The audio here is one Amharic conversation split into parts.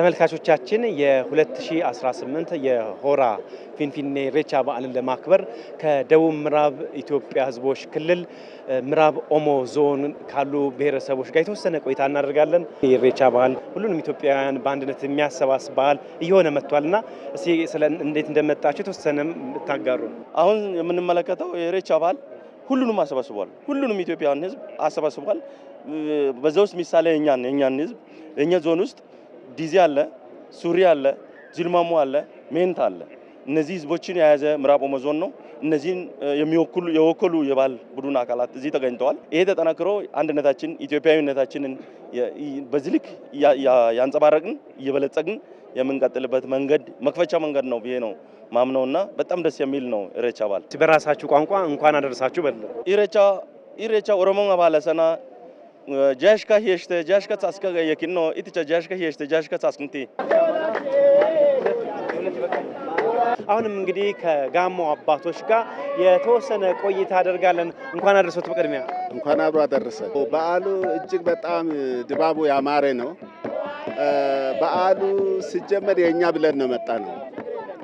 ተመልካቾቻችን የ2018 የሆራ ፊንፊኔ ሬቻ በዓልን ለማክበር ከደቡብ ምዕራብ ኢትዮጵያ ሕዝቦች ክልል ምዕራብ ኦሞ ዞን ካሉ ብሔረሰቦች ጋር የተወሰነ ቆይታ እናደርጋለን። የኢሬቻ በዓል ሁሉንም ኢትዮጵያውያን በአንድነት የሚያሰባስብ በዓል እየሆነ መጥቷል እስኪ እንዴት እንደመጣቸው የተወሰነ ታጋሩ። አሁን የምንመለከተው የሬቻ በዓል ሁሉንም አሰባስቧል። ሁሉንም ኢትዮጵያውያን ሕዝብ አሰባስቧል። በዛ ውስጥ ምሳሌ እኛን እኛን ሕዝብ እኛ ዞን ውስጥ ዲዚ አለ፣ ሱሪ አለ፣ ጅልማሙ አለ፣ ሜንት አለ። እነዚህ ህዝቦችን የያዘ ምዕራብ ኦሞ ዞን ነው። እነዚህን የሚወክሉ የወከሉ የባህል ቡድን አካላት እዚህ ተገኝተዋል። ይሄ ተጠናክሮ አንድነታችን ኢትዮጵያዊነታችንን በዚህ ልክ ያንጸባረቅን እየበለጸግን የምንቀጥልበት መንገድ መክፈቻ መንገድ ነው ብዬ ነው ማምነው እና በጣም ደስ የሚል ነው። ኢሬቻ በዓል በራሳችሁ ቋንቋ እንኳን አደረሳችሁ በል ኢሬቻ ኢሬቻ ኦሮሞ ባለሰና jaashka heeshte jaashka tsaskaga yakinno iticha jaashka heeshte jaashka tsaskንቲ አሁንም እንግዲህ ከጋሞ አባቶች ጋር የተወሰነ ቆይታ አደርጋለን። እንኳን አደረሰት። በቅድሚያ እንኳን አብሮ አደረሰ። በዓሉ እጅግ በጣም ድባቡ ያማረ ነው። በዓሉ ሲጀመር የእኛ ብለን ነው መጣ ነው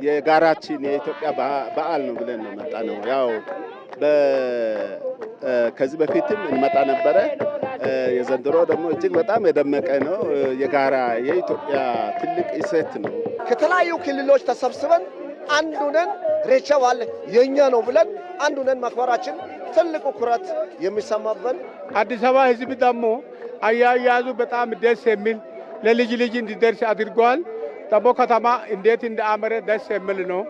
የጋራችን የኢትዮጵያ በዓል ነው ብለን ነው መጣ ነው። ያው ከዚህ በፊትም እንመጣ ነበረ የዘንድሮ ደግሞ እጅግ በጣም የደመቀ ነው። የጋራ የኢትዮጵያ ትልቅ እሴት ነው። ከተለያዩ ክልሎች ተሰብስበን አንዱነን ሬቻ ባለ የእኛ ነው ብለን አንዱነን መክበራችን ትልቁ ኩራት የሚሰማበን አዲስ አበባ ህዝብ ደግሞ አያያዙ በጣም ደስ የሚል ለልጅ ልጅ እንዲደርስ አድርጓል። ጠቦ ከተማ እንዴት እንዳአመረ ደስ የሚል ነው።